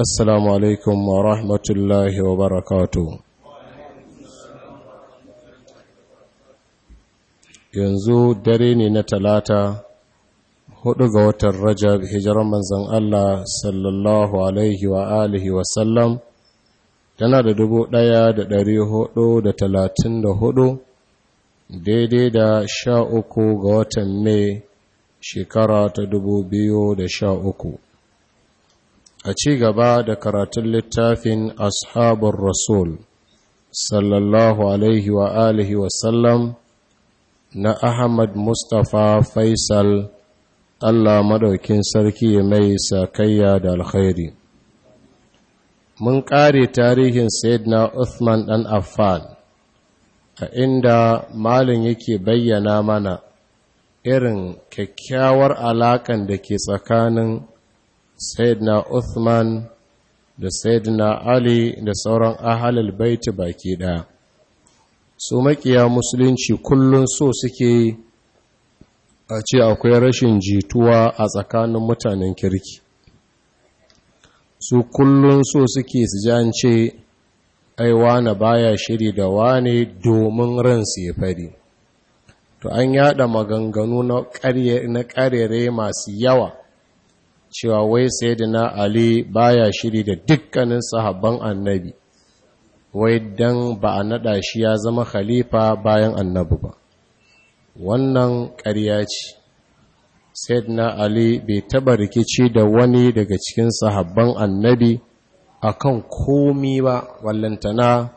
assalamu alaikum wa rahmatullahi wa barakatuh yanzu dare ne na talata hudu ga watan rajab hijiran manzan Allah sallallahu alaihi wa alihi tana da dubu daya da dari hudu da talatin da hudu daidai da sha uku ga watan mai shekara ta dubu biyu da sha uku a ci gaba da karatun littafin ashabar rasul sallallahu alaihi wa alihi wasallam na ahmad mustapha faisal allah madaukin sarki mai sakayya da alkhairi mun kare tarihin na uthman ɗan affan a inda malin yake bayyana mana irin kyakkyawar alaƙan da ke tsakanin sayyidina Uthman da sayyidina Ali da sauran ahalal baiti baki ɗaya. Su makiya musulunci kullun so suke a ce akwai rashin jituwa a tsakanin mutanen kirki. Su kullun so suke su jance ai wane baya shiri da wane domin ran su ya fari To an yada maganganu na ƙarere masu yawa. cewa wai sayyidina ali baya shiri da dukkanin sahabban annabi wai dan ba a nada shi ya zama khalifa bayan annabi ba wannan ƙarya ce sayyidina ali bai taba rikici da wani daga cikin sahabban annabi akan komi ba wallantana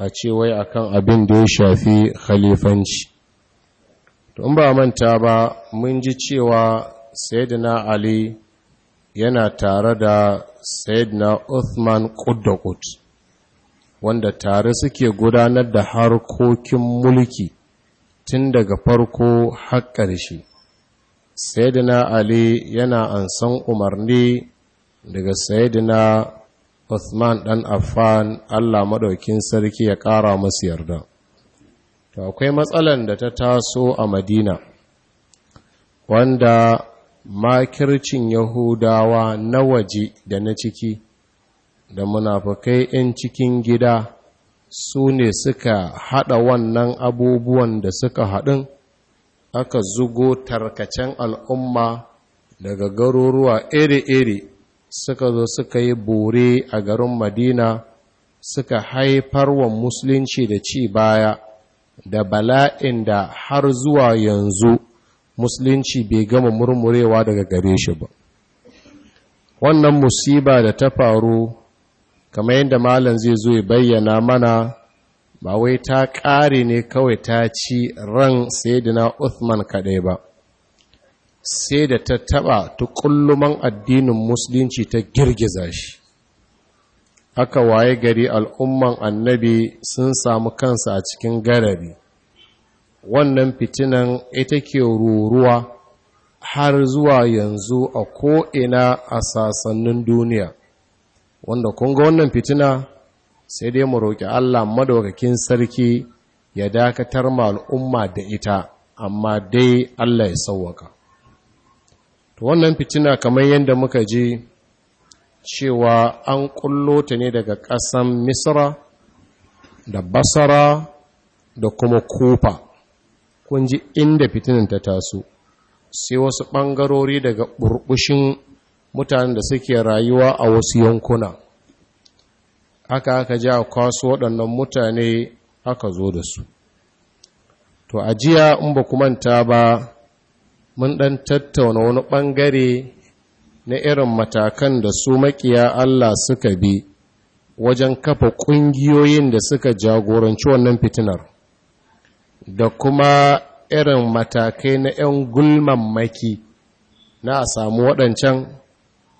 a ce wai akan abin da ya shafi khalifanci to ba manta ba mun ji cewa sayyidina ali yana tare da na Uthman Quddaqut wanda tare suke gudanar da harkokin mulki tun daga farko har ƙarshe sayyidina Ali yana ansan umarni daga sayyidina Uthman dan Affan Allah madaukin sarki ya ƙara masa yarda to akwai matsalan da ta taso a Madina wanda makircin yahudawa na waje da na ciki da munafakai 'yan cikin gida su ne suka haɗa wannan abubuwan da suka haɗin aka zugo tarkacen al'umma daga garuruwa iri-iri suka zo suka yi bore a garin madina suka haifar wa musulunci da ci baya da bala'in da har zuwa yanzu musulunci bai gama murmurewa daga gare shi ba wannan musiba da ta faru kamar yadda malam zai zo ya bayyana mana ba wai ta ƙare ne kawai ta ci ran saidina Uthman kaɗai ba sai da ta taɓa tukulluman addinin musulunci ta girgiza shi aka waye gari al'umman annabi sun samu kansa a cikin garari wannan fitinan ita ke ruruwa har zuwa yanzu a ko'ina a sasannin duniya wanda kunga wannan fitina sai dai mu roƙi Allah madaukakin sarki ya dakatar ma al'umma da ita amma dai Allah ya sauwaka to wannan fitina kamar yadda muka ji cewa an ƙullo ta ne daga ƙasan misra da basara da kuma kufa kun ji inda fitinin ta taso sai wasu ɓangarori daga ɓurɓushin mutanen da suke rayuwa a wasu yankuna aka aka ji a kwaso waɗannan mutane aka zo da su to a jiya in ba ku manta ba mun ɗan tattauna wani ɓangare na irin matakan da su makiya Allah suka bi wajen kafa ƙungiyoyin da suka jagoranci wannan fitinar da kuma irin matakai na 'yan gulman maki na a samu waɗancan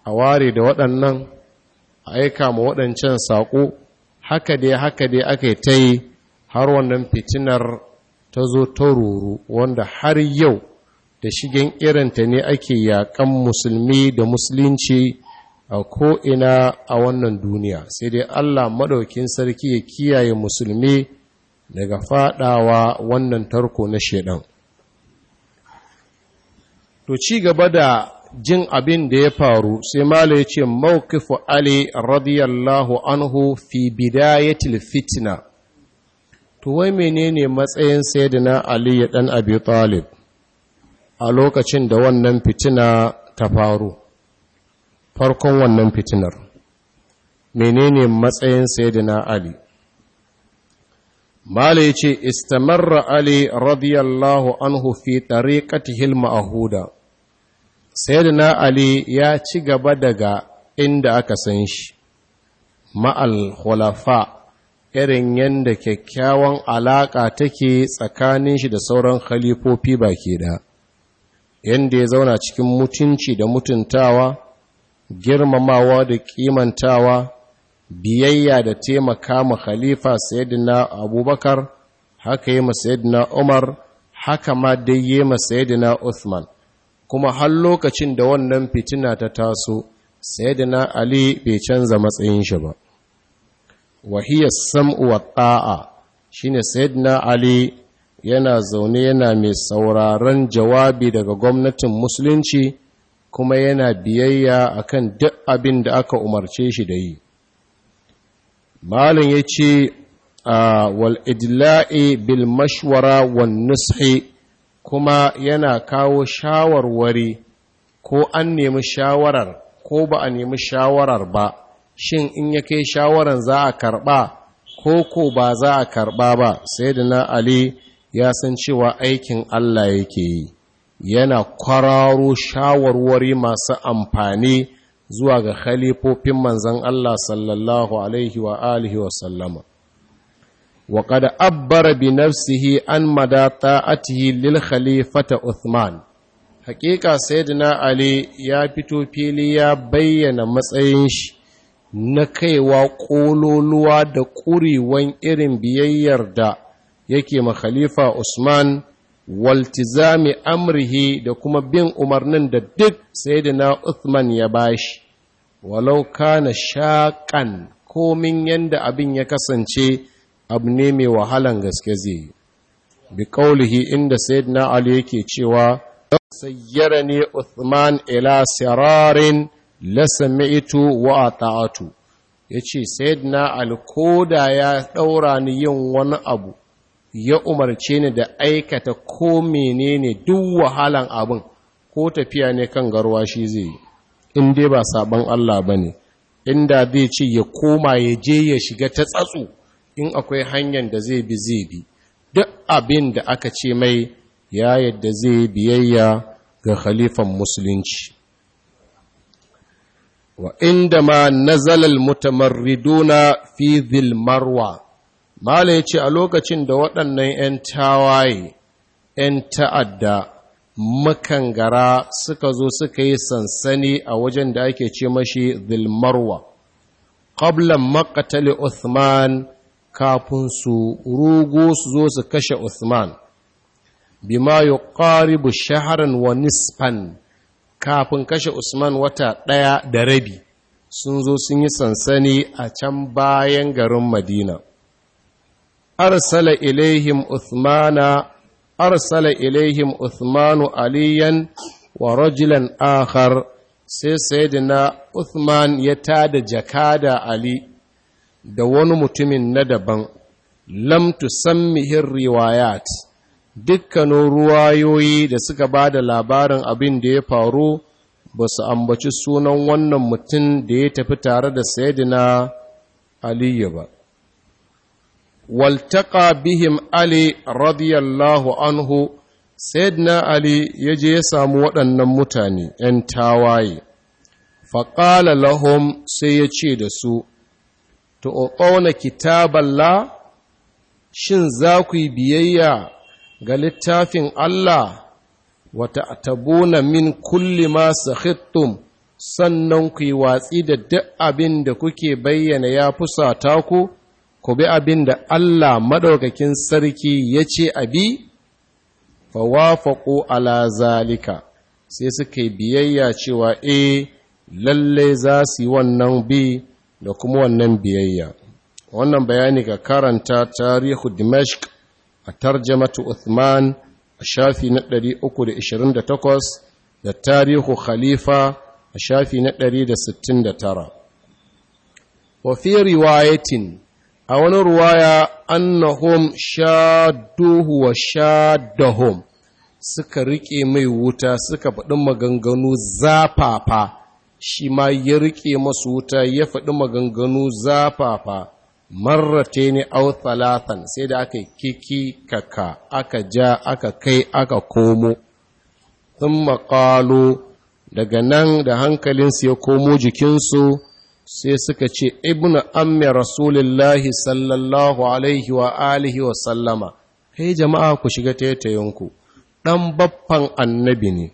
a ware da waɗannan a aika ma waɗancan saƙo haka dai haka dai aka yi ta yi har wannan fitinar ta zo ta ruru wanda har yau da shigen irinta ne ake yaƙan musulmi da musulunci a ko'ina a wannan duniya sai dai allah maɗaukin sarki ya kiyaye musulmi daga fadawa wannan tarko na shedan to ci gaba da jin abin da ya faru sai mala ya ce mawkifu ali radiyallahu anhu fi bidayatil fitna to wai menene matsayin sayyidina ali ya dan abi talib a lokacin da wannan fitina ta faru farkon wannan fitinar menene matsayin sayyidina ali Mala ya ce, Istamarra Ali radiyallahu anhu fi tariqatihil da na Ali ya ci gaba daga inda aka san shi, ma'al khulafa irin yadda kyakkyawan alaƙa take tsakanin shi da sauran khalifofi baki da, yadda ya zauna cikin mutunci da mutuntawa, girmamawa da ƙimantawa, biyayya da taimaka ma khalifa sayyidina abubakar haka yi ma sayyidina umar haka ma dai yi ma sayyidina uthman kuma har lokacin da wannan fitina ta taso sayyidina ali bai canza matsayin shi ba wahiyar sam'u wa ta'a shine sayyidina ali yana zaune yana mai sauraron jawabi daga gwamnatin musulunci kuma yana biyayya akan duk abin da aka umarce shi da yi malin ya ce ah, wal bil mashwara wan nushi kuma yana kawo shawarwari ko an nemi shawarar ko ba a nemi shawarar ba shin in ya kai shawarar za a karɓa ko ko ba za a karɓa ba sai da na ali ya san cewa aikin allah yake yi yana kwararo shawarwari masu amfani zuwa ga khalifofin manzan Allah sallallahu alaihi wa alihi wa sallama wa qad abbara bi nafsihi an mada ta'atihi lil khalifata Uthman haƙiƙa sayyidina Ali ya fito fili ya bayyana matsayin shi na kaiwa ƙololuwa da ƙurewan irin biyayyar da yake ma khalifa Usman waltizami amrihi da kuma bin umarnin da duk sayyidina Uthman ya bashi walau kana shaƙan komin yanda abin ya kasance abu ne mai wahalan gaske zai yi bi ƙaulihi inda na ali yake cewa sayyara ne uthman ila sirarin la sami'tu wa ce yace sayyidina ali da ya ɗaura ni yin wani abu ya umarce ni da aikata ko menene duk wahalan abin ko tafiya ne kan garwa shi zai yi in dai ba saban Allah ba ne inda zai ce ya koma ya je ya shiga ta tsatsu in akwai hanyar da zai bi zai bi duk abin da aka ce mai ya yadda zai biyayya ga khalifan musulunci wa inda ma nazalal mutamarriduna fi dhil marwa mala yace a lokacin da waɗannan 'yan tawaye 'yan ta'adda makangara suka zo suka yi sansani a wajen da ake ce mashi zilmarwa ƙablan makatali Usman kafin su rugo su zo su kashe Uthman bima yi ƙaribu shaharan wa nisfan kafin kashe Usman wata ɗaya da rabi sun zo sun yi sansani a can bayan garin Madina. Arsala ilaihim Uthmana arsala ilaihim Uthmanu aliyan wa rajulan akhar sai sayyidina Uthman ya tada jakada Ali da wani mutumin na daban lam tusammihi riwayat dukkanin ruwayoyi da suka ba da labarin abin da ya faru ba su ambaci sunan wannan mutum da ya tafi tare da sayyidina Aliyu ba waltaka bihim ali radiyallahu anhu sayyidina ali ya je ya samu waɗannan mutane ‘yan tawaye faƙala lahum sai ya ce da su tu'oƙona kitaballa shin za ku yi biyayya ga littafin Allah wata atabuna min kulli ma sakhittum sannan ku yi watsi da duk abin da kuke bayyana ya fusata ku ku bi abin da Allah maɗaukakin sarki ya ce a abi fawafaƙo ala zalika sai suka biyayya cewa e eh, lalle za su yi wannan bi da kuma wannan biyayya wannan bayani ga karanta tarihu dimashq a tarjamatu uthman a shafi na 328 da tarihu khalifa a shafi na 169 wa fi riwayatin a wani ruwaya annahum Shaduhu wa shadahum suka rike mai wuta suka faɗi maganganu zafafa shi ma ya rike masu wuta ya faɗi maganganu zafafa marrate ne au talatan sai da aka kiki kaka aka ja aka kai aka komo sun maƙalo daga nan da hankalinsu ya komo jikinsu sai suka ce ibnu ammi rasulullahi sallallahu alaihi wa alihi wa sallama kai jama'a ku shiga taitayinku dan baffan annabi ne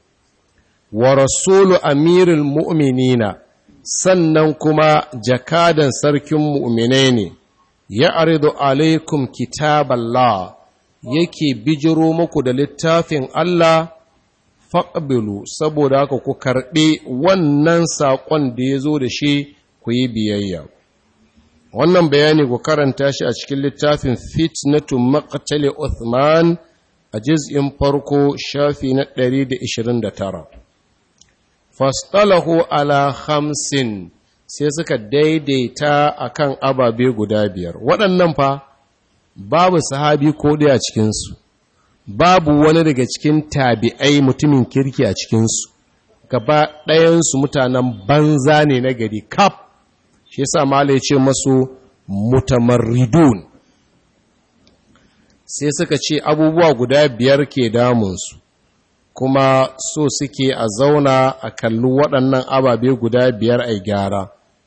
wa rasulu amirul mu'minina sannan kuma jakadan sarkin mu'minai ne ya aridu alaikum kitaballah yake bijiro muku da littafin Allah faqbilu saboda haka ku karɓi wannan sakon da yazo da shi ku yi biyayya wannan bayani ku karanta shi a cikin littafin fitnatu maqtali Uthman a juz'in farko shafi na 129 fastalahu ala khamsin sai suka daidaita a kan ababe guda biyar waɗannan fa babu sahabi ko a cikinsu babu wani daga cikin tabi'ai mutumin kirki a cikinsu gaba ɗayansu mutanen banza ne na gari kaf shi yasa mala ya ce masu mutamarridun sai suka ce abubuwa guda biyar ke damunsu kuma so suke a zauna a kalli waɗannan ababe guda biyar a gyara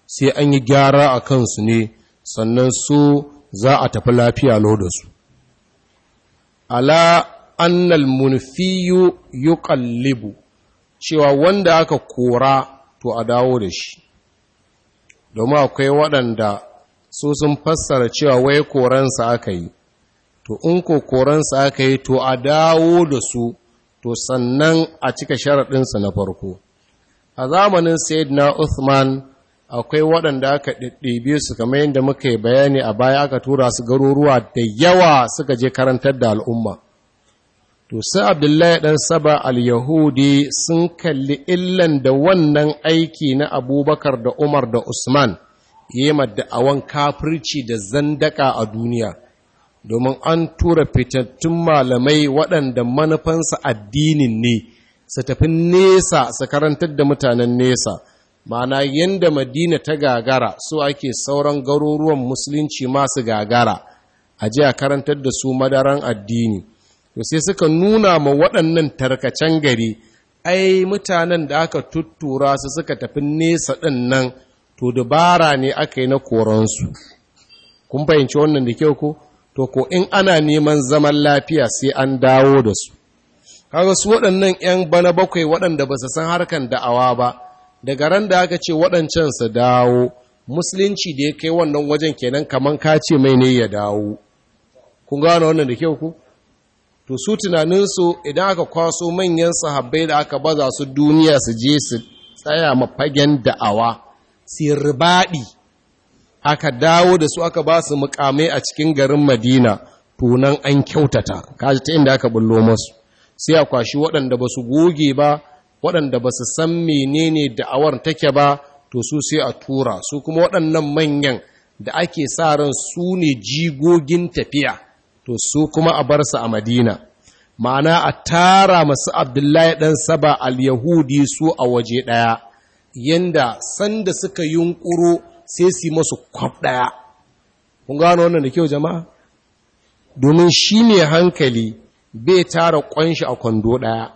sai an yi gyara a kansu ne sannan su za a tafi lafiya lo da su ala annal munfiyu yuqallibu cewa wanda aka kora to a dawo da shi domin akwai waɗanda su sun fassara cewa wai koransa aka yi to in ko koransa aka yi to a dawo da su to sannan a cika sharaɗinsa na farko a zamanin na uthman akwai waɗanda aka ɗiɗɗibe su kamar yadda muka yi bayani a baya aka tura su garuruwa da yawa suka je karantar da al'umma to sai abdullahi dan saba al-yahudi sun kalli illan da wannan aiki na abubakar da umar da usman yema awon kafirci da zandaka a duniya domin an tura fitattun malamai waɗanda manufansa addinin ne su tafi nesa su karantar da mutanen nesa ma'ana yadda madina ta gagara su ake sauran garuruwan musulunci masu gagara a ji karantar da su madaran addini to sai suka nuna ma waɗannan tarkacen gari ai mutanen da aka tuttura su suka tafi nesa ɗin nan to dubara ne aka yi na koransu kun fahimci wannan da kyau ko to ko in ana neman zaman lafiya sai an dawo da su kaga su waɗannan 'yan bana bakwai waɗanda ba su san harkan da'awa ba daga ran da aka ce waɗancan su dawo musulunci da ya kai wannan wajen kenan kaman ka ce mai ne ya dawo kun gano wannan da kyau ku to su tunaninsu idan aka kwaso manyan sahabbai da aka baza su duniya su je su tsaya mafagen da'awa su ribaɗi aka dawo da su aka ba su mukamai a cikin garin madina tunan an kyautata kaji ta inda aka bullo masu sai a kwashi waɗanda ba su goge ba waɗanda ba su san menene da'awar take ba to su sai a tura su kuma waɗannan manyan da ake sa ran su ne jigogin tafiya to su kuma a bar su a madina ma'ana a tara masu abdullahi ɗan saba al-yahudi su a waje ɗaya yanda sanda suka yunƙuro sai su masu kwaf ɗaya kun gano wannan da kyau jama'a domin shi ne hankali bai tara ƙwanshi a kwando ɗaya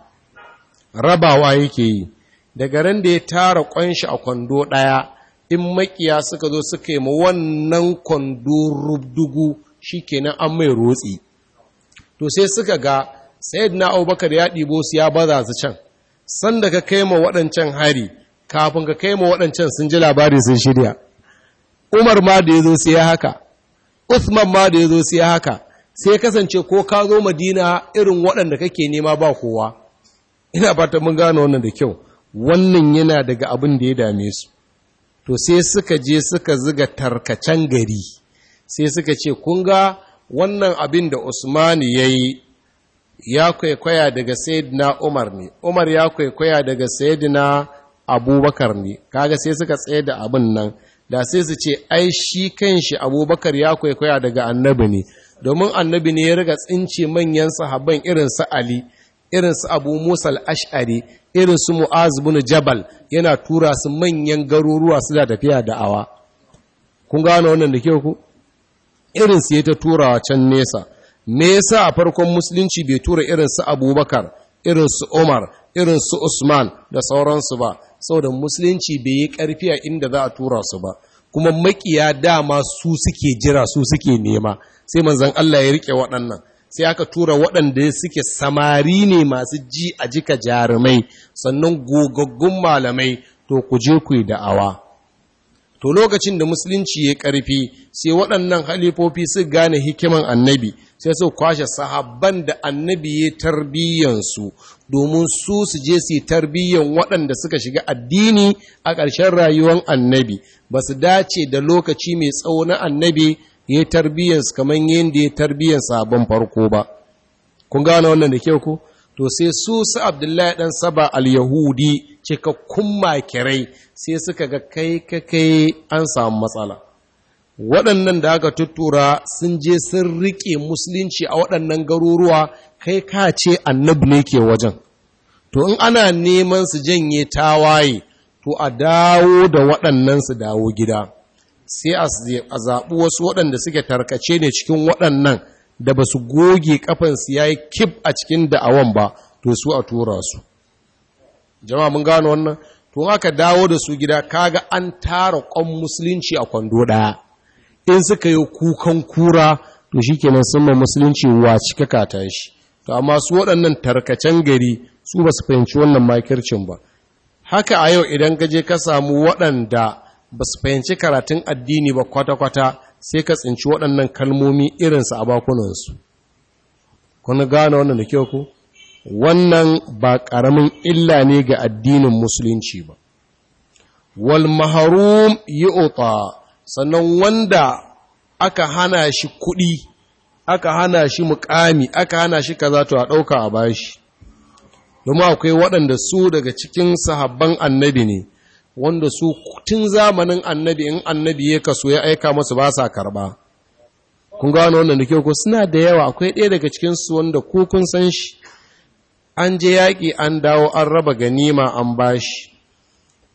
rabawa yake yi daga ran da ya tara ƙwanshi a kwando ɗaya in makiya suka zo suka yi ma wannan kwando rubdugu shi kenan an mai rotsi to sai suka ga na abubakar ya ɗibo su ya baza su can sanda ka kai ma waɗancan hari kafin ka kai ma waɗancan sun ji labari sun shirya umar ma da ya zo sai ya haka usman ma da ya zo sai ya haka sai ya kasance ko ka zo madina irin waɗanda kake nema ba kowa ina fata mun gane wannan da kyau wannan yana daga abin da ya dame su to sai suka je suka ziga tarkacen gari sai suka ce kun ga wannan abin da usmani ya yi ya kwaikwaya daga sayidina umar ne umar ya kwaikwaya daga sayidina abubakar ne kaga sai suka tsaye da abin nan da sai su ce ai shi kan shi abubakar ya kwaikwaya daga annabi ne domin annabi ne ya riga tsince manyan sahabban irin su ali irin su abu musa ashari irin su mu'az bin jabal yana tura su manyan garuruwa su da tafiya da'awa kun gano wannan da ke ku irin su ta turawa can nesa me yasa a farkon musulunci bai tura irin su abubakar irin su umar irin su usman da sauransu ba saboda musulunci bai yi ƙarfi a inda za a tura su ba kuma makiya dama su suke jira su suke nema sai manzon Allah ya rike waɗannan sai aka tura waɗanda suke samari ne masu ji a jika jarumai sannan gogaggun malamai to ku je ku yi da'awa to lokacin da musulunci ya ƙarfi sai waɗannan halifofi su gane hikiman annabi sai su kwashe sahabban da annabi ya tarbiyyansu domin su su je su tarbiyyan waɗanda suka shiga addini a ƙarshen rayuwar annabi ba su dace da lokaci mai tsawo na annabi ya tarbiyyansu kamar yadda ya tarbiyyan sabon farko ba kun gane wannan da kyau ko to sai su su abdullahi ɗan saba al-yahudi cikakkun makirai sai suka ga kai kai an samu matsala waɗannan da aka tuttura sun je sun riƙe musulunci a waɗannan garuruwa kai ka ce annabi ne ke wajen to in ana neman su janye tawaye to a dawo da waɗannan su dawo gida sai a zaɓi wasu waɗanda suke tarkace ne cikin waɗannan da ba su goge kafansu ya yi kib a cikin da'awan ba to su a tura su jama'a mun gano wannan to aka dawo da su gida kaga an tara kwan musulunci a kwando daya in suka yi kukan kura to shikenan sun ma musulunci wa cika kata shi to amma su waɗannan tarkacen gari su ba su fahimci wannan makircin ba haka a yau idan ka je ka samu waɗanda ba su fahimci karatun addini ba kwata-kwata sai ka tsinci waɗannan kalmomi irinsu a bakunansu kuna gane wannan da kyau ko. wannan ba ƙaramin illa ne ga addinin musulunci ba wal maharum yi yi'uta sannan wanda aka hana shi kuɗi aka hana shi mukami aka hana shi kaza to a ɗauka a bashi domin akwai waɗanda su daga cikin sahabban annabi ne wanda su tun zamanin annabi in annabi ya kaso ya aika masu ba sa karɓa kun gano wannan da kyau ko suna da yawa akwai ɗaya daga cikinsu wanda ko kun san shi an je yaƙi an dawo an raba ganima an bashi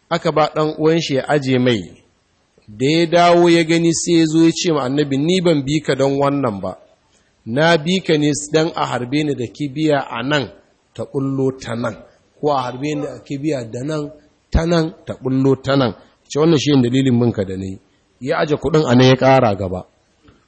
aka ba ɗan uwan shi ya aje mai da ya dawo ya gani sai ya zo ya ce ma annabi ni ban bi ka don wannan ba na bi ka ne don a harbe ni da kibiya a nan ta ɓullo ta nan ko a harbe ni da kibiya da nan ta nan ta ɓullo ta nan ce wannan shi dalilin minka da ni ya aje kuɗin a nan ya ƙara gaba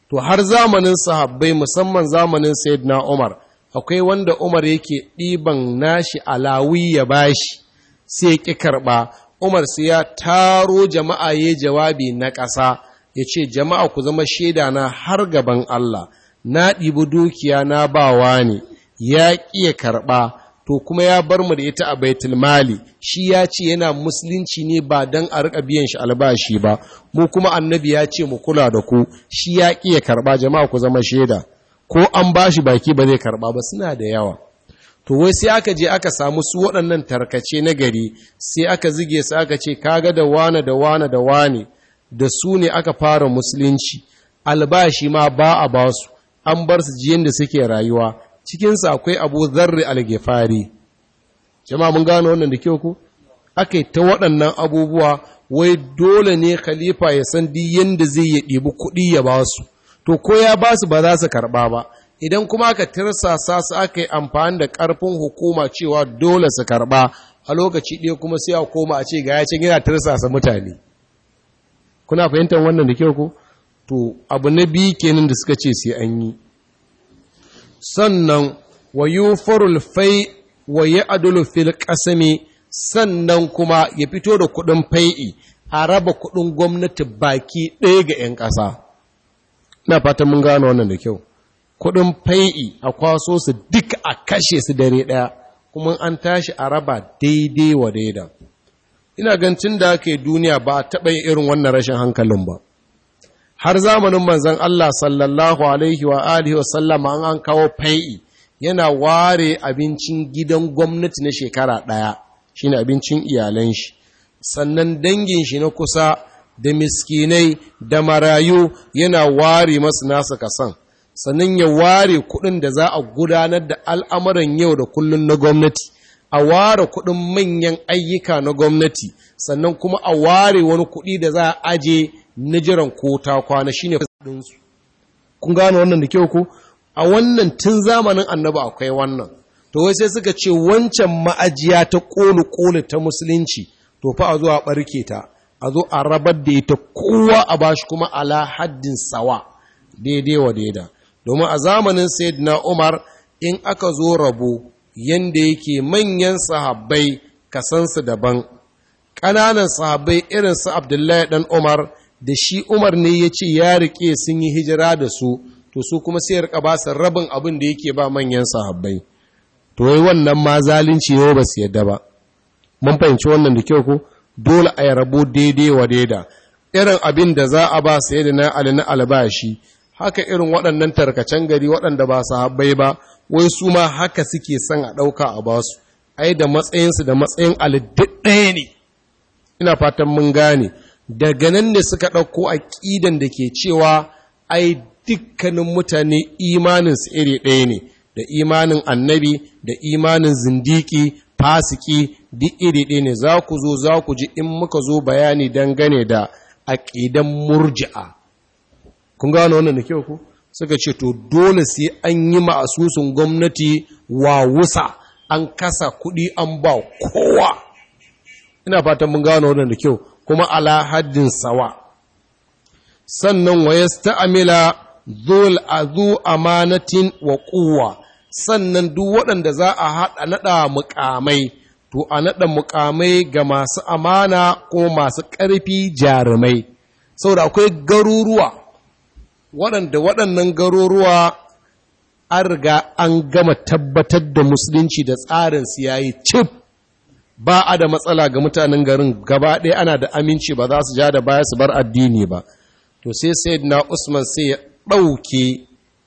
to har zamanin sahabbai musamman zamanin sayyidina umar akwai wanda Umar yake ɗiban nashi alawi ya bashi sai ya ƙi karɓa Umar sai ya taro jama'a ya jawabi na ƙasa ya ce jama'a ku zama shaida na har gaban Allah na ɗibi dukiya na bawa ne ya ƙi ya karɓa to kuma ya bar mu da ita a baitul mali shi ya ce yana musulunci ne ba dan a rika biyan shi albashi ba mu kuma annabi ya ce mu kula da ku shi ya ƙiya ya karɓa jama'a ku zama shaida ko an ba shi baki ba zai karba ba suna da yawa to wai sai aka je aka samu su waɗannan tarkace na gari sai aka zige su aka ce kaga da wane da wane da wane da su ne aka fara musulunci albashi ma ba a ba su an bar su ji yadda suke rayuwa cikinsu akwai abu zarri algefari Jam'a mun gano wannan da kyau ku aka yi ta waɗannan abubuwa wai dole ne khalifa ya san duk yadda zai ya ɗibi kuɗi ya ba su to ko ya ba su ba za su karɓa ba idan kuma aka tirsasa su aka yi amfani da ƙarfin hukuma cewa dole su karɓa a lokaci ɗaya kuma sai a koma a ce ga ya yana tirsasa mutane kuna fahimtar wannan da kyau ko to abu na biyu kenan da suka ce sai an yi sannan wa yufarul fai wa ya'dulu fil kasami sannan kuma ya fito da kuɗin fai'i a raba kuɗin gwamnati baki ɗaya ga 'yan ƙasa ina fatan mun gano wannan da kyau kudin fai'i a kwaso su duk a kashe su dare daya kuma an tashi a raba daidai wa daida ina gancin da ake duniya ba a taɓa yi irin wannan rashin hankalin ba har zamanin manzon Allah sallallahu alaihi wa alihi wa sallama an an kawo fai'i yana ware abincin gidan gwamnati na shekara ɗaya shine abincin iyalan shi sannan dangin shi na kusa da miskinai da marayu yana ware masu nasa kasan sannan ya ware kuɗin da za a gudanar da al'amuran yau da kullum na gwamnati a ware kuɗin manyan ayyuka na gwamnati sannan kuma a ware wani kuɗi da za a aje na jiran ko ta kwana shi ne kun gano wannan da kyau ku a wannan tun zamanin annaba akwai wannan to wai sai suka ce wancan ma'ajiya ta ƙoli-ƙoli ta musulunci to fa a zuwa ɓarke ta a zo a rabar da ita kowa a bashi kuma ala haddin sawa daidai wa daida domin a zamanin sayyidina umar in aka zo rabo yanda yake manyan sahabbai kasansu daban ƙananan sahabbai irin su abdullahi dan umar da shi umar ne ya ce ya riƙe sun yi hijira da su to su kuma sai rika ba su rabin abin da yake ba manyan sahabbai to wai wannan ma zalunci yau ba su yadda ba mun fahimci wannan da kyau ko dole a yi daidai wa daida irin abin da za a ba sai da na ali na albashi haka irin waɗannan tarkacen gari waɗanda ba su habbai ba wai su ma haka suke son a ɗauka a ba su ai da matsayinsu da matsayin ɗaya ne ina fatan mun gane daga nan ne suka ɗauko aƙidan da ke cewa ai dukkanin mutane imaninsu iri ɗaya ne da imanin annabi da imanin zindiki fasiki duk iri ɗaya ne za ku zo za ku ji in muka zo bayani dangane da aƙidan murji'a kun gano wannan da kyau ku suka ce to dole sai an yi ma'asusun gwamnati wa wusa an kasa kuɗi an ba kowa ina fatan mun gano wannan da kyau kuma ala sawa sannan wa dole a azu amanatin wa quwwa sannan duk waɗanda za a haɗa naɗa mukamai to a naɗa mukamai ga masu amana ko masu ƙarfi jarumai saboda akwai garuruwa waɗanda waɗannan garuruwa an riga an gama tabbatar da musulunci da tsarin su yayi cif ba a da matsala ga mutanen garin gaba ɗaya ana da aminci ba za su ja da baya su bar addini ba to sai sayyidina usman sai ya ɗauke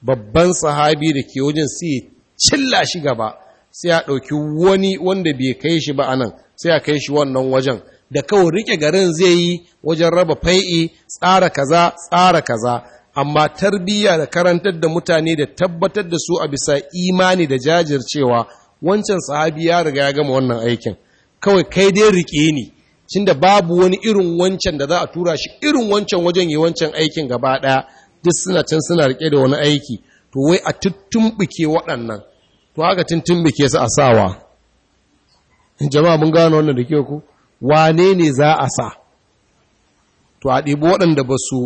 babban sahabi da ke wajen sai cilla shi gaba sai a ɗauki wani wanda bai kai shi ba a nan sai a kai shi wannan wajen da kawai rike garin zai yi wajen raba fai'i tsara kaza tsara kaza amma tarbiyya da karantar da mutane da tabbatar da su a bisa imani da jajircewa wancan sahabi ya riga ya gama wannan aikin kawai kai dai rike ni da babu wani irin wancan da za a tura shi irin wancan wajen yi wancan aikin gaba ɗaya duk suna can suna rike da wani aiki to wai a tuttumɓuke waɗannan to haka tuntumɓuke su a sawa jama'a mun gano wannan da ke ku wane ne za a sa to a ɗibi waɗanda ba su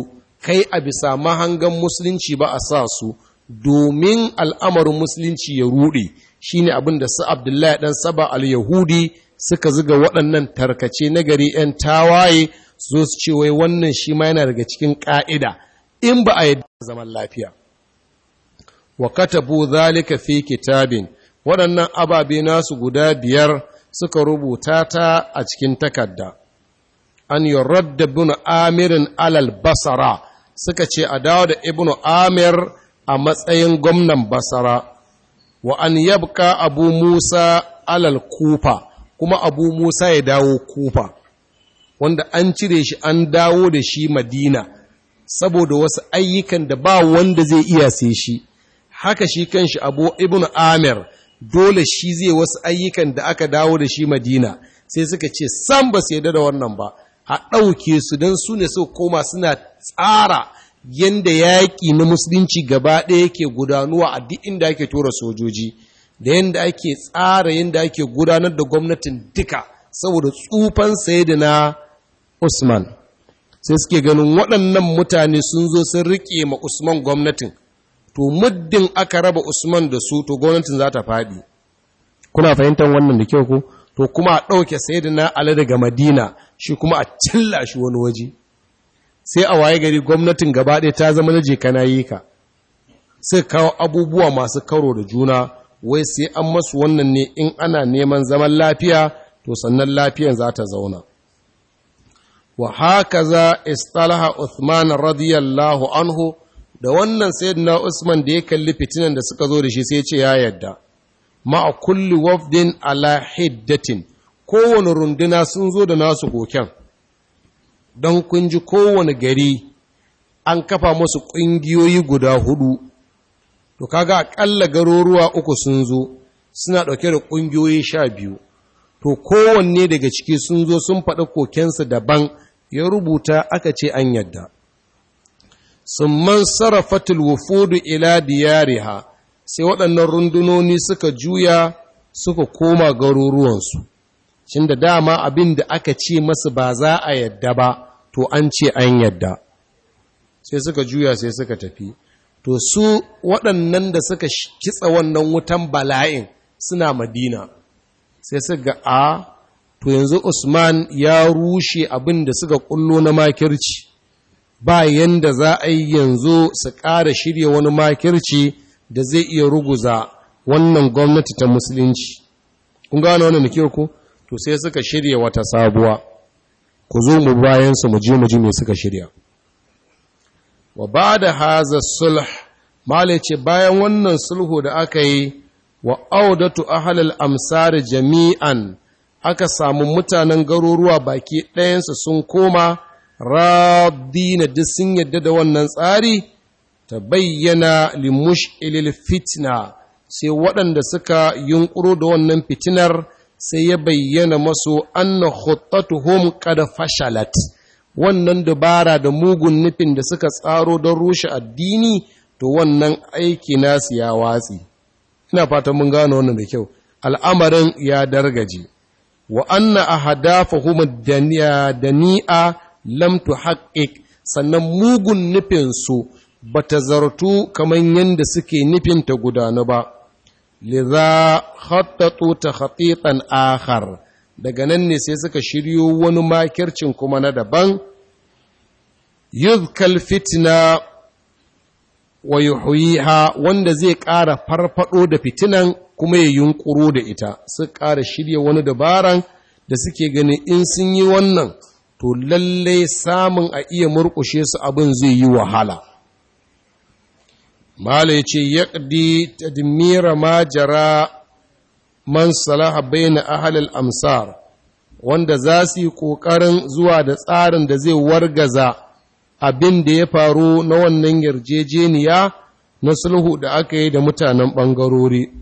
kai a bisa mahangan musulunci ba a sa su domin al'amarin musulunci ya ruɗe shi ne abin da su abdullahi ɗan saba al-yahudi suka ziga waɗannan tarkace na gari ‘yan tawaye su zo su ce wai wannan shi ma yana daga cikin ƙa'ida in ba a yi zaman lafiya wa katabu zalika fi kitabin waɗannan ababe nasu guda biyar suka rubuta ta a cikin takarda an yuradda bin amirin alal basara suka ce a dawo da ibnu amir a matsayin gwamnan basara wa an yabka abu musa alal kufa kuma abu musa ya dawo kufa wanda an cire shi an dawo da shi madina saboda wasu ayyukan da ba wanda zai iya sai shi haka shi kanshi abu ibn amir dole shi zai wasu ayyukan da aka dawo da shi madina sai suka ce san ba su yadda da wannan ba a ɗauke su don su ne su koma suna tsara yadda yaƙi na musulunci gaba ɗaya yake gudanuwa a duk inda ake tura sojoji da yadda ake tsara yadda ake gudanar da gwamnatin duka saboda tsufan saye da na usman sai suke ganin waɗannan mutane sun zo sun riƙe ma usman gwamnatin to muddin aka raba Usman da su to gwamnatin za ta faɗi kuna fahimtar wannan da kyau ku? to kuma a ɗauke na Ali daga Madina shi kuma a cilla shi wani waje sai a waye gari gwamnatin gaba ɗaya ta zama na kana yi ka sai kawo abubuwa masu karo da juna wai sai an masu wannan ne in ana neman zaman lafiya to sannan lafiyan za ta zauna wa haka za istalaha Uthman radiyallahu anhu da wannan na Usman da ya kalli fitinan da suka zo da shi sai ce ya yadda ma'a kulli wafdin ala hiddatin kowane runduna sun zo da nasu koken don kun ji kowane gari an kafa masu ƙungiyoyi guda hudu to kaga akalla garuruwa uku sun zo suna ɗauke da ƙungiyoyi sha biyu to kowanne daga ciki sun zo sun faɗi kokensu daban ya rubuta aka ce an yadda summan sarrafatul wufudu ila diyariha sai waɗannan rundunoni suka juya suka koma garuruwansu shin da dama abin da aka ce masu ba za a yadda ba to an ce an yadda sai suka juya sai suka tafi to su waɗannan da suka kitsa wannan wutan bala'in suna madina sai suka ga a to yanzu usman ya rushe abin da suka kullo na makirci ba yanda za a yi yanzu su ƙara shirya wani makirci da zai iya ruguza wannan gwamnati ta musulunci kun gano wani nake ku to sai suka shirya wata sabuwa ku zo mu bayan su mu je mu ji me suka shirya wa ba da haza sulh male ce bayan wannan sulhu da aka yi wa audatu ahlal amsar jami'an aka samu mutanen garuruwa baki ɗayansu sun koma radina duk sun yadda da wannan tsari ta bayyana limush ilil fitna sai waɗanda suka yunƙuro da wannan fitinar sai ya bayyana masu anna khuttatuhum qad fashalat wannan dabara da mugun nufin da suka tsaro don rushe addini to wannan aiki nasu ya watsi ina fata mun gano wannan da kyau al'amarin ya dargaje wa anna ahadafahum dani'a lam tuhaqqiq sannan mugun nufinsu ba ta zartu kamar yadda suke nufin ta gudanu ba liza khattatu ta haƙiƙan ahar daga nan ne sai suka shiryo wani makircin kuma na daban yuzkal fitina wa ha, wanda zai ƙara farfaɗo da fitinan kuma ya yunƙuru da ita su ƙara shirya wani dabaran da suke ganin in sun yi wannan to lalle samun a iya murƙushe su abin zai yi wahala mala ya ce yaƙdi tadmira ma jara man salaha na ahalil amsar wanda za su yi ƙoƙarin zuwa da tsarin da zai wargaza abin da ya faru na wannan yarjejeniya na sulhu da aka yi da mutanen ɓangarori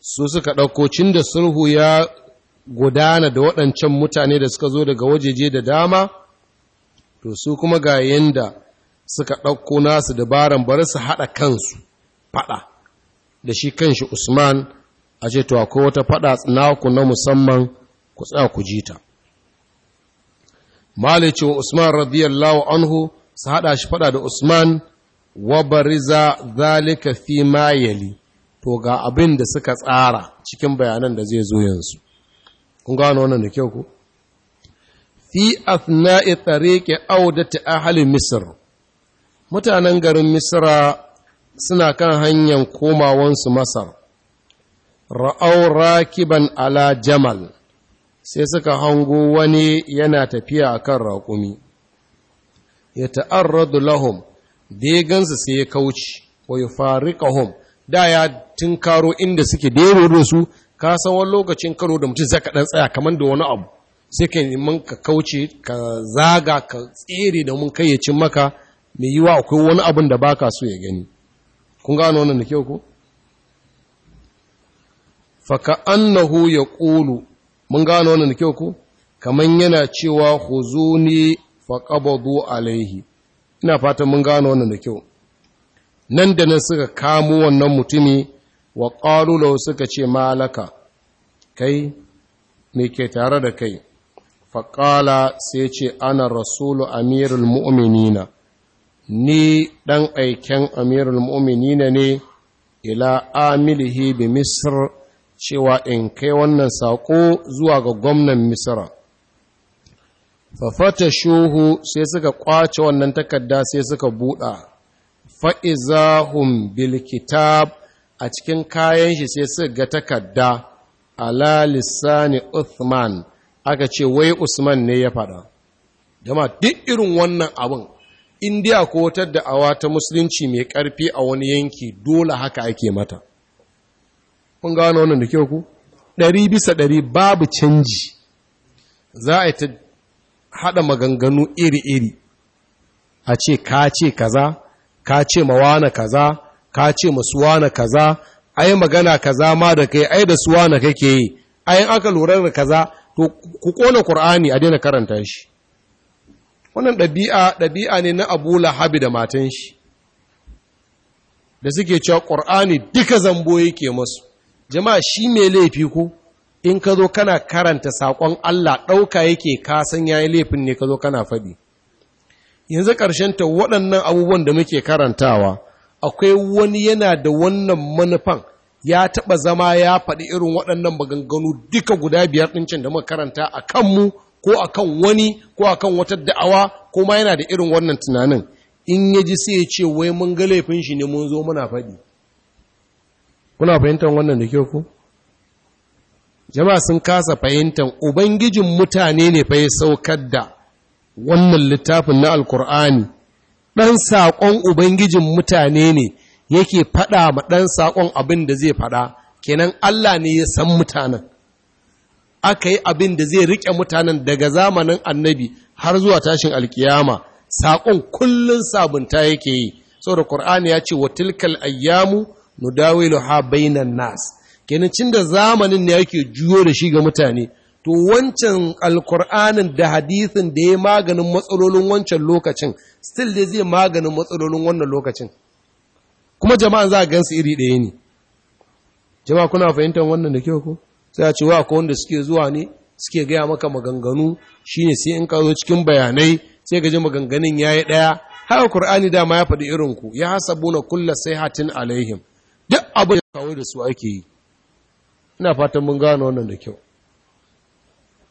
su suka ɗauko cin da sulhu ya gudana da waɗancan mutane da suka zo daga wajeje da dama to su kuma ga yadda suka ɗauko nasu dabaran bari su haɗa kansu faɗa da shi kanshi usman a ce to akwai wata faɗa naku na musamman ku tsaya ku ji ta malice wa usman radiyallahu anhu su haɗa shi faɗa da usman wa bariza zalika fi mayali to ga abin da suka tsara cikin bayanan da zai zo yanzu kun gano wannan da kyau ku fi afna'i tariqi audati ahli Misir. mutanen garin Misira suna kan hanyar komawansu masar ra'au rakiban ala jamal sai suka hango wani yana tafiya a kan raƙumi ya ta'arradu lahum da ya gansu sai ya kauci wa ya fariƙahum da ya tunkaro inda suke da su ka san wani lokacin karo da mutum zaka dan tsaya kamar da wani abu sai ka yi ka kauce ka zaga ka tsere da mun kai cin maka mai yiwa akwai wani abin da baka so ya gani kun gano wannan da kyau ko faka annahu yaqulu mun gano wannan da kyau ko Kamar yana cewa khuzuni faqabadu alaihi ina fatan mun gano wannan da kyau nan da nan suka kamo wannan mutumi wa suka ce malaka kai me ke tare da kai faƙala sai ce ana rasulu amirul mu'minina ni ɗan aiken amirul mu'minina ne ila amilihi bi misr cewa in kai wannan saƙo zuwa ga gwamnan misra fafata shuhu sai suka kwace wannan takarda sai suka buɗa fa'izahun bilkitab a cikin kayan shi sai suka ga takarda ala lissani Uthman aka ce wai Usman ne ya faɗa dama duk irin wannan abun, indiya ko da awa ta musulunci mai karfi a wani yanki dole haka ake mata kun gano wannan da kyau ku ɗari bisa ɗari babu canji za a yi ta haɗa maganganu iri-iri a ce ka ce kaza ka ce mawana kaza ka ce masu wane kaza ai magana kaza ma da kai ai da suwa na kake yi ai aka lura da kaza to ku kona qur'ani a daina karanta shi wannan ɗabi'a ɗabi'a ne na Abu da matan shi da suke cewa qur'ani duka zambo yake masu jama'a shi me laifi ko in ka zo kana karanta sakon Allah ɗauka yake kasan san yayi laifin ne ka zo kana faɗi yanzu ƙarshen ta waɗannan abubuwan da muke karantawa akwai wani yana da wannan manufan ya taɓa zama ya faɗi irin waɗannan maganganu duka guda biyar ɗincin da muka karanta a kanmu ko a kan wani ko a kan wata da'awa ko ma yana da irin wannan tunanin in ya ji sai ya ce wai mun ga laifin shi ne mun zo muna faɗi kuna fahimtar wannan da kyau ku jama'a sun kasa fahimtar ubangijin mutane ne fa ya saukar da wannan littafin na alkur'ani ɗan saƙon Ubangijin mutane ne yake faɗa ma ɗan saƙon abin da zai faɗa, kenan Allah ne ya san mutanen. Aka yi abin da zai riƙe mutanen daga zamanin annabi har zuwa tashin alkiyama, saƙon kullum sabunta yake yi, saboda Ƙur'ani ya ce wa tilkal ayyamu nudawilu ha bainan nas. Kenan cin da zamanin ne yake juyo da shi ga mutane, to wancan alkur'anin da hadisin da ya maganin matsalolin wancan lokacin still dai zai maganin matsalolin wannan lokacin kuma jama'an za a gansu iri ɗaya ne jama'a kuna fahimtar wannan da kyau ko sai a ce wa ko wanda suke zuwa ne suke gaya maka maganganu shine sai in ka zo cikin bayanai sai ka ji ya yi ɗaya haka kur'ani dama ya faɗi irin ku ya kulla sai hatin alaihim duk abin da kawai da su ake yi ina fatan mun gano wannan da kyau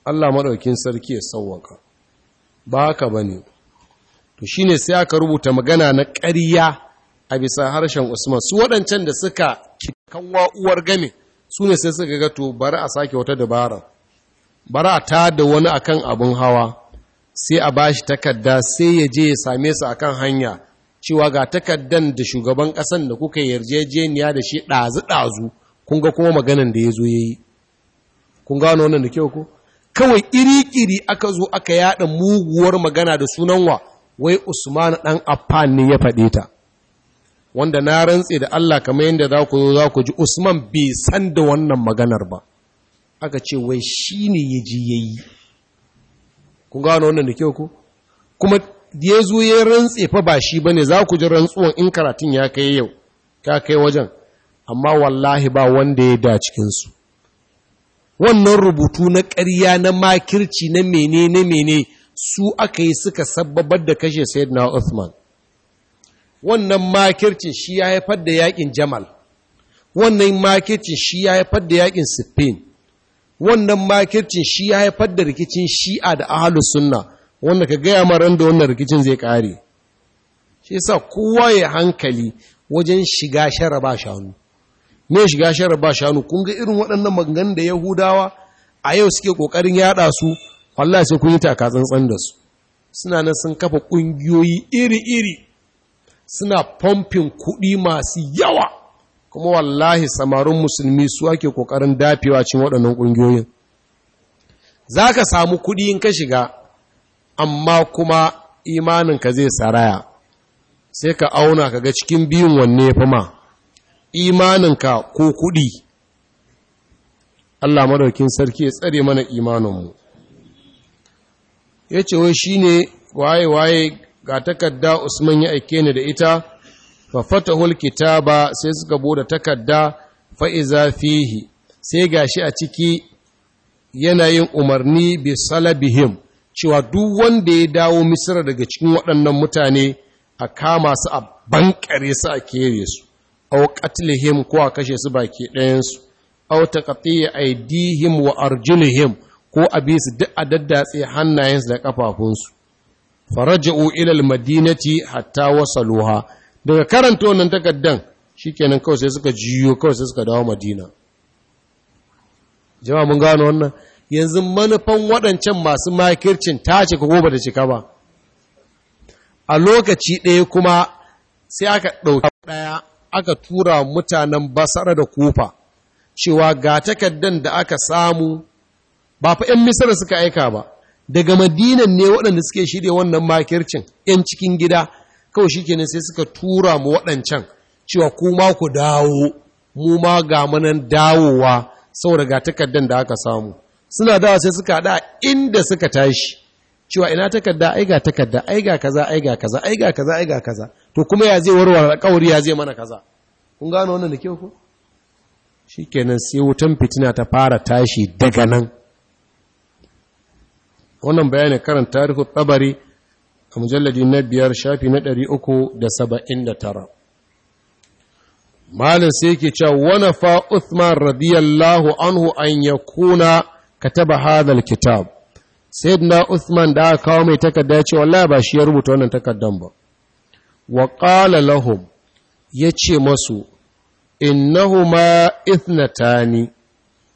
Allah maɗaukin sarki ya sauwaka ba haka ba ne to shi ne sai aka rubuta magana na ƙarya a bisa harshen usman su waɗancan da suka kikan uwar game su ne sai suka gato bari a sake wata dabara bari a ta da wani akan abin hawa sai a ba shi takarda sai ya je ya same su akan hanya cewa ga takardan da shugaban ƙasan da kuka yarjejeniya da shi ɗazu-ɗazu kun ga kuma maganan da ya zo ya yi kun gano wannan da kyau ko kawai iri-iri aka zo aka yada muguwar magana da sunan wa wai usman dan affan ne ya faɗe ta wanda na rantse da Allah kamar yadda za ku zo za ku ji usman bai san da wannan maganar ba aka ce wai shi ne ya ji ya yi kun gano wannan da kyau ku kuma ya zo ya rantse fa ba shi ba ne za ku ji rantsuwan in karatun ya kai yau ka kai wajen amma wallahi ba wanda ya da cikinsu wannan rubutu na ƙarya na makirci na mene na mene su aka yi suka sabbabar da kashe sayyidina Uthman wannan makircin shi ya haifar da yakin Jamal wannan makircin shi ya haifar da yakin Spain wannan makircin shi ya haifar da rikicin Shi'a da Ahlus Sunna wanda ka gaya maran da wannan rikicin zai ƙare. shi sa kowa ya hankali wajen shiga sharaba shanu Ne shiga sharar ba shanu kun ga irin waɗannan maganganun da yahudawa a yau suke ƙoƙarin yaɗa su falla sai kun yi taka tsantsan da su suna nan sun kafa ƙungiyoyi iri-iri suna fomfin kuɗi masu yawa kuma wallahi samarin musulmi su ake ƙoƙarin dafewa cin waɗannan ƙungiyoyin za ka samu kuɗi in ka shiga amma kuma imaninka zai saraya sai ka auna ka ga cikin biyun wanne ya fi ma imaninka ko kuɗi Allah madaukin sarki ya tsare mana imaninmu ya ce wai shi ne waye-waye ga takarda usman ya aike ni da ita fafatahul kitaba sai suka bude takarda fa'iza fihi sai gashi a ciki yanayin umarni bi salabihim cewa duk wanda ya dawo misira daga cikin waɗannan mutane a kama su a bankare su a kere su aw qatlihim ko a kashe su baki ɗayan su aw taqti'a aydihim wa arjulihim ko a bi su duk a daddatse hannayensu da kafafunsu faraja'u ila almadinati hatta wasaluha daga karanta wannan takaddan shikenan kawai sai suka jiyo kawai sai suka dawo madina jama'a mun gano wannan yanzu manufan waɗancan masu makircin ta cika ko bata cika ba a lokaci ɗaya kuma sai aka ɗauki ɗaya aka tura mutanen basara da kufa cewa ga takaddan da aka samu ba fa 'yan misira suka aika ba daga madinan ne waɗanda suke shirya wannan makircin 'yan cikin gida kawai shi kenan sai suka tura mu waɗancan cewa kuma ku dawo mu ma ga manan dawowa saboda ga takaddan da aka samu suna dawa sai suka haɗa inda suka tashi cewa ina takadda ai ga takadda ai ga kaza ai ga kaza ai ga kaza ai ga kaza to kuma ya zai warware alƙawari ya zai mana kaza kun gano wannan da kyau ko shikenan sai wutan fitina ta fara tashi daga nan wannan bayanin karanta tarihu tabari a mujalladi na biyar shafi na ɗari uku da saba'in da tara malin sai ke cewa wani fa Uthman radiyallahu anhu an ya kuna kataba hadal kitab sayyidina Uthman da aka kawo mai takarda cewa wallahi ba shi ya rubuta wannan takardar ba wa ƙala lahum ya ce masu ma ithnata ni?'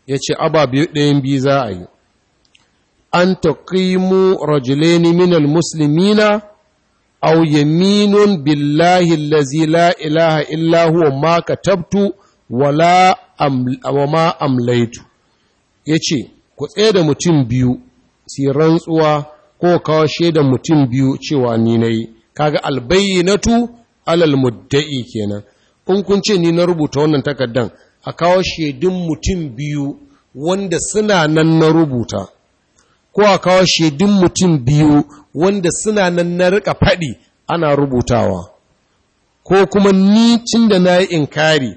ya ce ababe ɗayan biyu za a yi an rajule ni minal muslimina aw yaminun billahi lazi la ilaha illahu, huwa ma ka tabtu wa ma amlaitu yace ku tsaye da mutum biyu si rantsuwa ko kawo da mutum biyu cewa ni nayi kaga albayyinatu alal mudda'i kenan in kun ce ni na rubuta wannan takardan a kawo shedin mutum biyu wanda suna nan na rubuta ko a kawo shedin mutum biyu wanda suna nan na rika faɗi ana rubutawa ko kuma ni cin da na yi inkari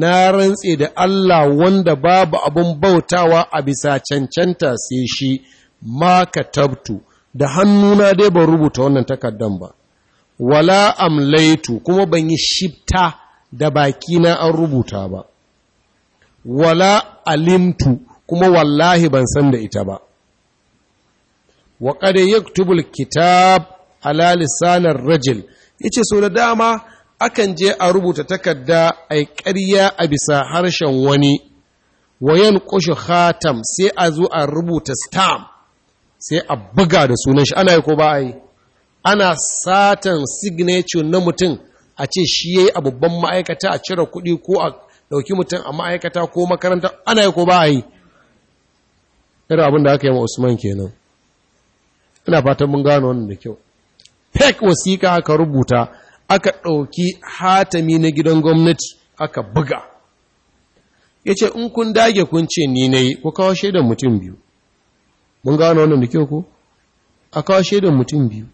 na rantse da Allah wanda babu abin bautawa a bisa cancanta sai shi ma ka tabtu da hannuna dai ban rubuta wannan takardan ba wala amlaitu kuma ban yi shifta da baki na an rubuta ba wala alimtu kuma wallahi ban san da ita ba wa qad yaktubu kitab ala rajil rajul yace so da dama akan je a rubuta takarda ai ƙarya a bisa harshen wani wayan kushe khatam sai a zo a rubuta stam sai a buga da sunan shi ana yi ko ba a yi ana satan signature na mutum a ce shi ya yi a babban ma'aikata a cire kuɗi ko a ɗauki mutum a ma'aikata ko makaranta ana yi ko ba a yi irin abin da aka yi ma usman kenan ina fatan mun gano wannan da kyau pek wasiƙa aka rubuta aka ɗauki hatami na gidan gwamnati aka buga ya ce in kun dage kun ce ni na yi ku kawo shaidan mutum biyu mun gano wannan da kyau ko a kawo shaidan mutum biyu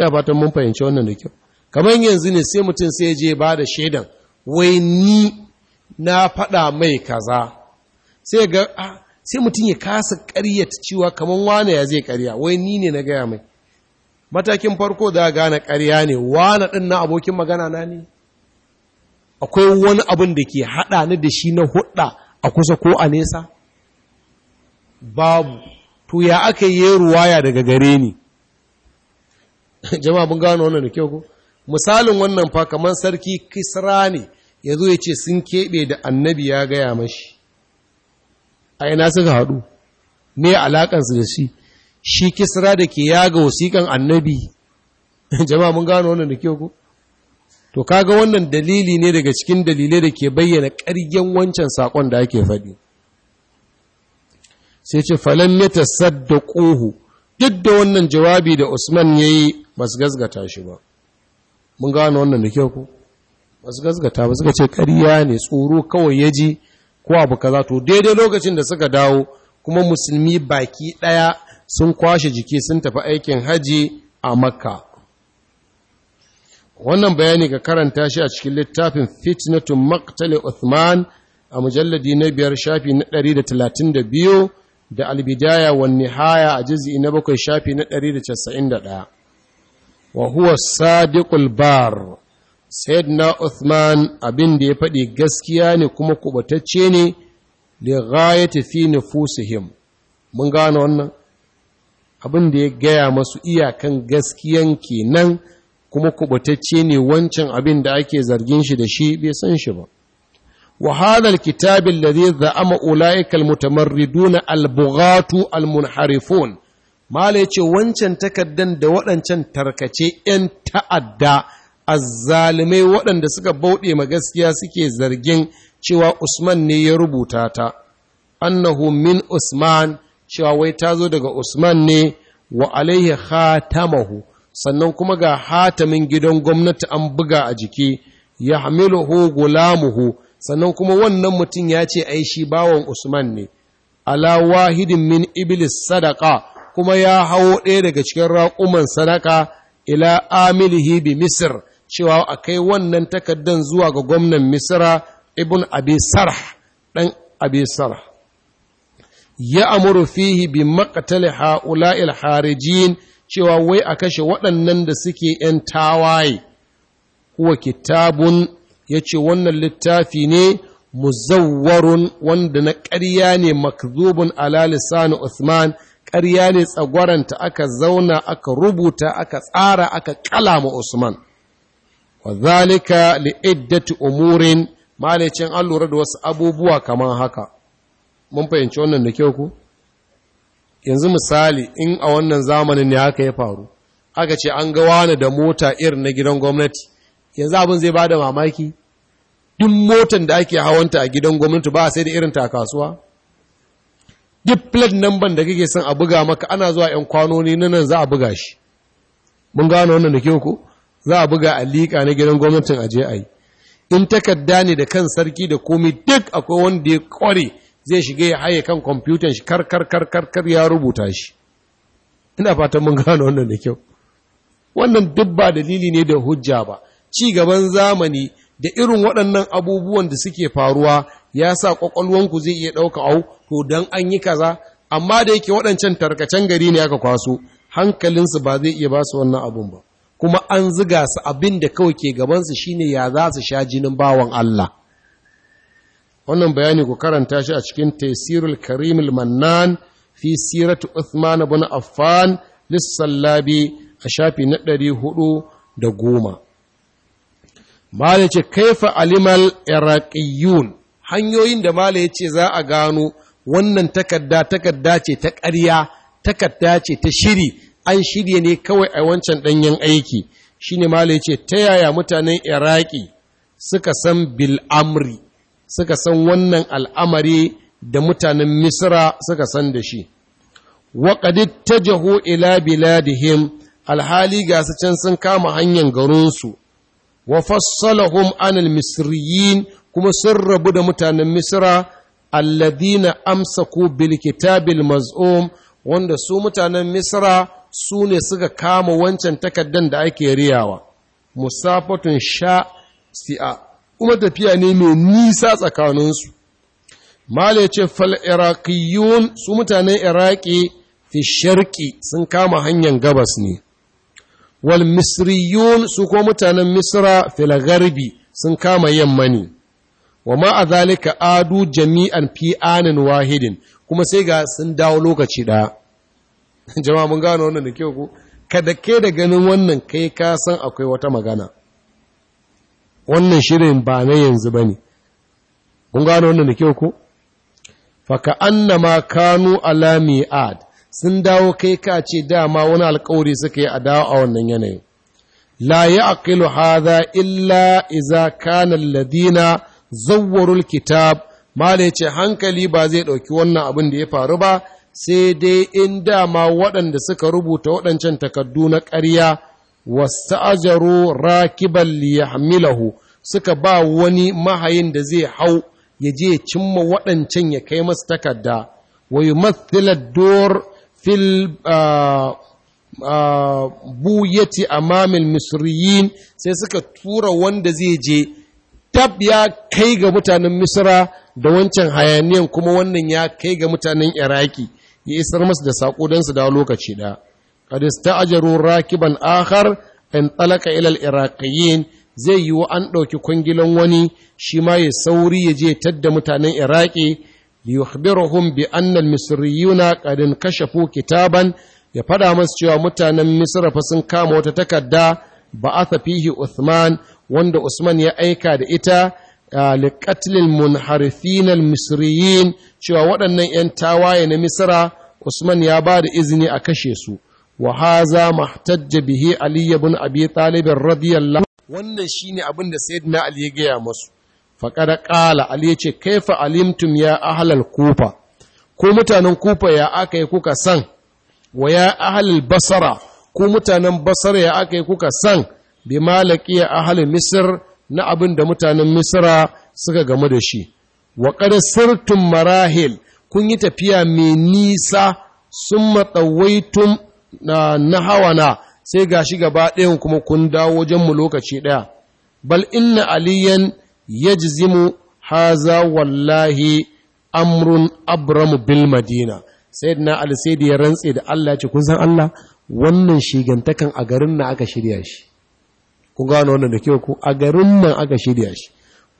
ina fatan mun fahimci wannan da kyau kamar yanzu ne sai mutum sai je ba da shaidan wai ni na faɗa mai kaza sai ga ah, sai mutum ya kasa karyata cewa kamar wane ya zai karya. wai ni ne na gaya mai matakin farko za a gane ƙarya ne wane ɗin na abokin magana na ne akwai wani abin da ke haɗa ni da shi na hudda a kusa ko a nesa babu to ya aka yi ruwaya daga gare ni jama'a mun gano wannan da kyau ko misalin wannan fa kamar sarki kisra ne ya zo ya ce sun keɓe da annabi ya gaya mashi a ina suka haɗu me alaƙansu da shi shi kisra da ke yaga wasiƙan annabi jama'a mun gano wannan da kyau ko to kaga wannan dalili ne daga cikin dalilai da ke bayyana ƙaryen wancan saƙon da ake faɗi sai ce falon mita sadda ƙohu duk da wannan jawabi da usman ya yi ba su gazgata shi ba mun gano wannan da kyau ku ba su gazgata ba suka ce ƙarya ne tsoro kawai ya ji ko abu kaza to daidai lokacin da suka dawo kuma musulmi baki ɗaya sun kwashe jiki sun tafi aikin haji a makka wannan bayani ga karanta shi a cikin littafin fitnatun maktali uthman a mujalladi na biyar shafi na 132 da albidaya wa nihaya a jizi na bakwai shafi na 191 Wahuwa huwa sadiqul bar sayyidina Uthman abin da ya faɗi gaskiya ne kuma kubatacce ne li ghayati fi mun gano wannan abin da ya gaya masu iyakan gaskiyan kenan kuma kuɓatacce ne wancan abin da ake zargin shi da shi bai san shi ba wa hadha alkitab alladhi za'ama ulaika almutamarriduna albughatu almunharifun mala ya ce wancan takardan da waɗancan tarkace 'yan ta'adda a azzalumai waɗanda suka bauɗe ma gaskiya suke zargin cewa usman ne ya rubuta ta annahu min usman cewa wai ta zo daga usman ne wa alaihi hatamahu sannan kuma ga hatamin gidan gwamnati an buga a jiki ya hamiluhu gulamuhu sannan kuma wannan mutum ya ce ai shi bawan usman ne ala wahidin min iblis sadaka kuma ya hawo ɗaya daga cikin raƙuman sadaka ila amilihi bi misir cewa a kai wannan takaddan zuwa ga gwamnan misira ibn abi sarah ɗan abi sarah ya amuru fihi bi ha'ula'il harijin cewa wai a kashe waɗannan da suke ‘yan tawaye, kuwa kitabun ya ce wannan littafi ne muzawwarun wanda na ƙarya ne makzubun ala lisani Uthman ƙarya ne tsagwaranta aka zauna aka rubuta aka tsara aka kalama Usman wa zalika li iddati umurin malicin an lura da wasu abubuwa kamar haka mun fahimci wannan da kyau ku yanzu misali in a wannan zamanin ne haka ya faru aka ce an ga wani da mota irin na gidan gwamnati yanzu abin zai ba da mamaki duk motan da ake hawanta a gidan gwamnati ba sai da irin ta kasuwa duk plate number da kake son a buga maka ana zuwa ‘yan kwanoni na nan za a buga shi mun gano wannan da ke ku za a buga a liƙa na gidan gwamnatin je a yi in takarda ne da kan sarki da komai duk akwai wanda ya kware zai shiga ya haye kan kwamfutan shi kar kar kar kar kar ya rubuta shi ina fatan mun gano wannan da kyau wannan duk ba dalili ne da hujja ba ci gaban zamani da irin waɗannan abubuwan da suke faruwa ya sa ƙwaƙwalwanku zai iya ɗauka au to don an yi kaza amma da yake waɗancan tarkacen gari ne aka kwaso hankalinsu ba zai iya ba su wannan abin ba kuma an ziga su abin da kawai ke gabansu shi ne ya za su sha jinin bawan Allah wannan bayani ku karanta shi a cikin tesirul karimul mannan fi siratu uthman ibn affan lissallabi a shafi na ɗari hudu da goma da ce kaifa alimal Iraƙiyun, hanyoyin da mala ya ce za a gano wannan takarda takarda ce ta ƙarya takarda ce ta shiri an shirya ne kawai a wancan ɗanyen aiki shine mala ya ce ta yaya mutanen iraki suka san bil'amri suka san wannan al'amari da mutanen misra suka san da shi waƙadid ta jaho ila biladihim alhali ga su can sun kama hanyar garinsu wa fassalahum anil misriyin kuma sun rabu da mutanen misra alladina Amsa ko bilkitabil maz'um wanda su mutanen misra su ne suka kama wancan takaddan da ake riyawa musafatun sha si'a kuma tafiya ne mai nisa tsakaninsu mala ce fal iraqiyun su mutanen iraki fi sharqi sun kama hanyar gabas ne wal misriyun su ko mutanen misra fil garbi sun kama yamma ne wa ma a zalika adu jami'an fi anin wahidin kuma sai ga sun dawo lokaci da. jama'a mun gano wannan da kyau ku kada ke da ganin wannan kai ka san akwai wata magana wannan shirin ba na yanzu bane Mun gano wannan da kyau ku faka annama kanu Alami, Ad sun dawo kai ka ce dama wani alkawari suka yi a dawo a wannan yanayin la ya'qilu hadha illa iza kana Ladina. zawwarul kitab mala ya ce hankali ba zai ɗauki wannan abin da ya faru ba sai dai in dama waɗanda suka rubuta waɗancan takardu na ƙarya wasta'ajaru rakiban liyahmilahu suka ba wani mahayin da zai hau ya je cimma waɗancan ya kai masu takarda wa yumaththila dor fil buyati amamil misriyin sai suka tura wanda zai je tab ya kai ga mutanen misra da wancan hayaniyan kuma wannan ya kai ga mutanen iraki ya isar masu da saƙo don su dawo lokaci da ta ajaru rakiban akhar in talaka ilal iraqiyin zai yi wa an ɗauki kwangilan wani shi ma ya sauri ya je tadda mutanen iraki liyukhbiruhum bi anna al-misriyuna qad inkashafu kitaban ya fada masu cewa mutanen misra fa sun kama wata takarda ba'atha fihi Uthman wanda Usman ya aika da ita liƙatilin munharifin al-misriyin cewa waɗannan 'yan tawaye na Misra Usman ya ba da izini a kashe su wa haza mahtajja bihe Aliyu bin Abi Talib radiyallahu wannan shine abin da Sayyidina Ali ya gaya masu faqad ƙala Ali yace kaifa alimtum ya ahlal kufa ko mutanen kufa ya aka yi kuka san wa ya ahlal basara? ko mutanen basra ya aka yi kuka san bi malaki ahli Misir na abin da mutanen Misira suka gamu da shi wa qad marahil kun yi tafiya mai nisa sun matsawaitum na nahawana sai gashi gaba ɗayan kuma kun dawo wajen mu lokaci ɗaya bal inna aliyan yajzimu haza wallahi amrun abramu bil madina sai ali sai da ya rantse da Allah ce kun san Allah wannan shigantakan a garin na aka shirya shi Ku gano wannan da kyau ku a garin nan aka shirya shi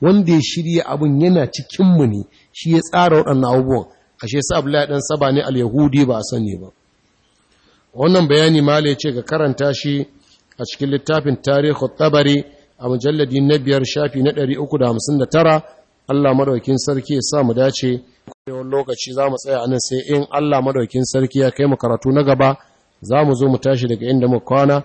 wanda ya shirya abin yana cikin mu ne shi ya tsara waɗannan abubuwan ashe sa abu laɗin Saba ne al-Yahudi ba a sani ba wannan bayani ma ce ga karanta shi a cikin littafin Tarihu Tabari a mujalladi na biyar shafi na ɗari da tara Allah maɗaukin sarki ya sa mu dace kuma lokaci za mu tsaya anan sai in Allah maɗaukin sarki ya kai mu karatu na gaba za mu zo mu tashi daga inda mu kwana